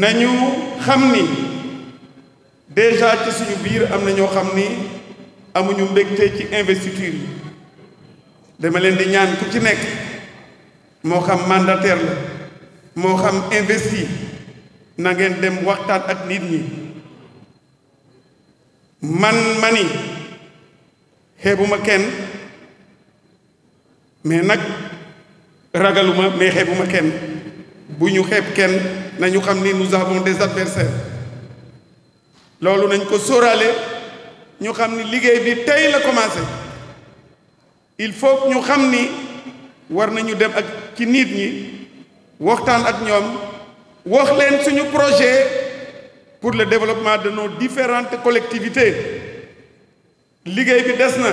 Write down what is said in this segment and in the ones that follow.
nañu xam ni déjà ci suñu biir am na ñoo xam ni amuñu mbégte ci investiture yi dama leen di ñaan ku ci nekk moo xam mandataire la moo xam investi na dem waxtaan ak nit ñi man mani xeebuma kenn mais nag ragaluma mais xeebuma kenn bu ñu xeeb kenn nañu xam ni nous avons des adversaires loolu nañ ko sorale ñu xam ni liggéey bi tey la commencé il faut ñu xam ni war nañu dem ak ci nit ñi waxtaan ak ñoom wax leen suñu projet pour le développement de nos différentes collectivités liggéey bi des na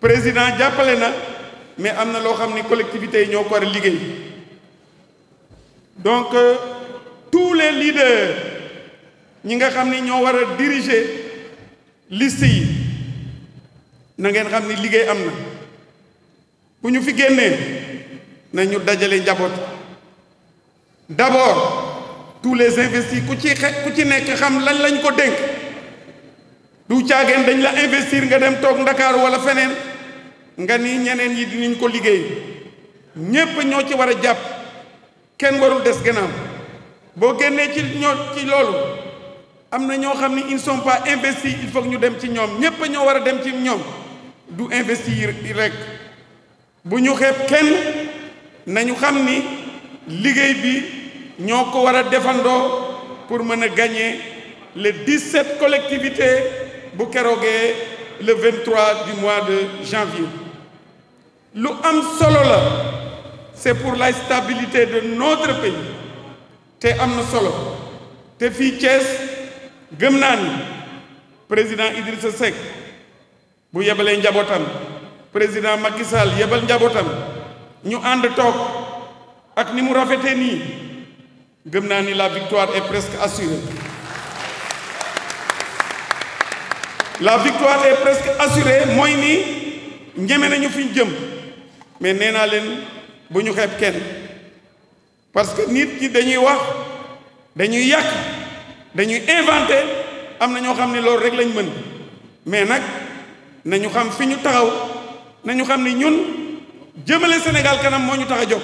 président jàppale na mais am na loo xam ni collectivités yi ñoo ko war a liggéey donc euh, tous les ñi nga xam ni ñoo war a diriger list yi na ngeen xam ni liggéey am na bu ñu fi génnee nañu dajale njaboot d'abord tous les investis ku ci xe ku ci nekk xam lan lañ ko dénk du caageen dañ la investir nga dem toog Ndakaaru walla feneen nga ni ñeneen yi dinañ ko liggéey ñépp ñoo ci war a jàpp kenn warul des gannaaw boo génnee ci ñoo ci loolu am na ñoo xam ne ils sont pas investis il faut ñu dem ci ñoom ñépp ñoo war a dem ci ñoom du investir rek bu ñu xeeb kenn nañu xam ni liggéey bi ñoo ko war a defandoo pour mën a gagner les 17 collectivités bu keroogee le 23 du mois de janvier lu am solo la c'est pour la stabilité de notre pays te am na solo te fii Thiès gëm naa ni président Idrissa Seck bu yebalee njabootam président Macky Sall yebal njabootam ñu ànd toog ak ni mu rafetee nii gëm naa ni la victoire est presque assurée la victoire est presque assurée mooy ni ñeme nañu fi jëm mais nee leen bu ñu xeeb kenn parce que nit ñi dañuy wax dañuy yàq dañuy inventé am na ñoo xam ne loolu rek lañu mën mais nag nañu xam fi ñu taxaw nañu xam ni ñun jëmale Sénégal kanam moo ñu tax a jóg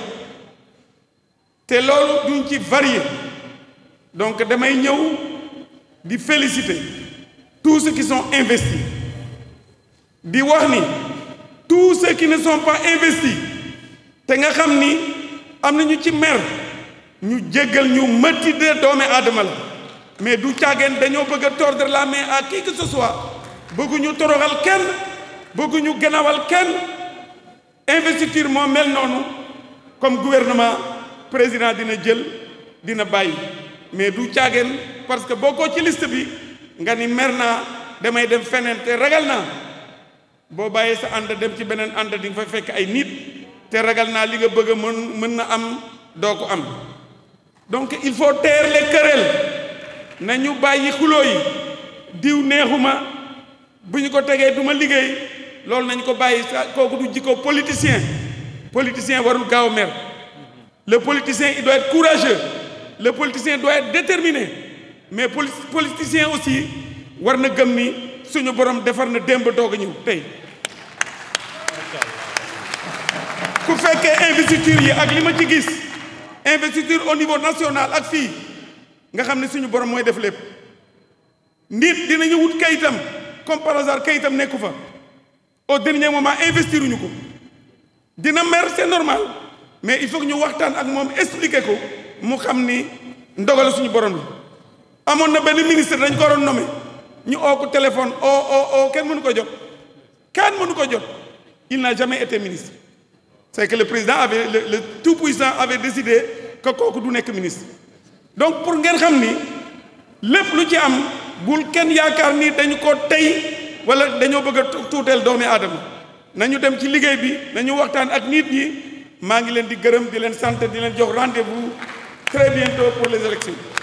te loolu duñ ci varié donc damay ñëw di féliciter tous ceux qui sont di wax ni tous ceux qui ne sont pas investis te nga xam ni am na ñu ci mer ñu jéggal ñu mëtti de doomi aadama la mais du caageen dañoo bëgg a tordre la mais à qui que ce soit bëgguñu toroxal kenn bëgguñu ganawal kenn investiture moo mel noonu comme gouvernement président dina jël dina bàyyi mais du caageen parce que boo ko ci liste bi nga ni mer naa damay dem feneen te ragal naa boo bàyyee sa ànd dem ci beneen ànd di fa fekk ay nit te ragal naa li nga bëgg mën mën na am doo ko am donc il faut taire les na ñu bàyyi xuloo yi diw neexuma bu ñu ko tegee du ma liggéey loolu nañ ko bàyyi sa kooku du jikko politicien politicien warul gaaw mer le politicien il doit être courageux le politicien doit être déterminé mais politicien aussi war na gëm ni suñu borom defar na démb doog ñëw tey su fekkee investiture yi ak li ma ci gis investiture au niveau national ak fii nga xam ne suñu borom mooy def lépp nit dinañu wut kayitam comme kayitam nekku fa au dernier moment investir uñu ko dina mer c'est normal mais il faut ñu waxtaan ak moom expliquer ko mu xam ni ndogale suñu borom la amoon na benn ministre dañ ko waroon ñu oo ko téléphone oo oo oo kenn mënu ko jot kenn mënu ko jot il n'a jamais été ministre c'est que le président avait le, le tout puissant avait décidé que kooku du nekk ministre donc pour ngeen xam ni lépp lu ci am gu kenn yaakaar nii dañu ko tey wala dañoo bëgg a tuuteel doomi aadama nañu dem ci liggéey bi nañu waxtaan ak nit yi maa ngi leen di gërëm di leen sant di leen jox rendez-vous très bientôt pour les élections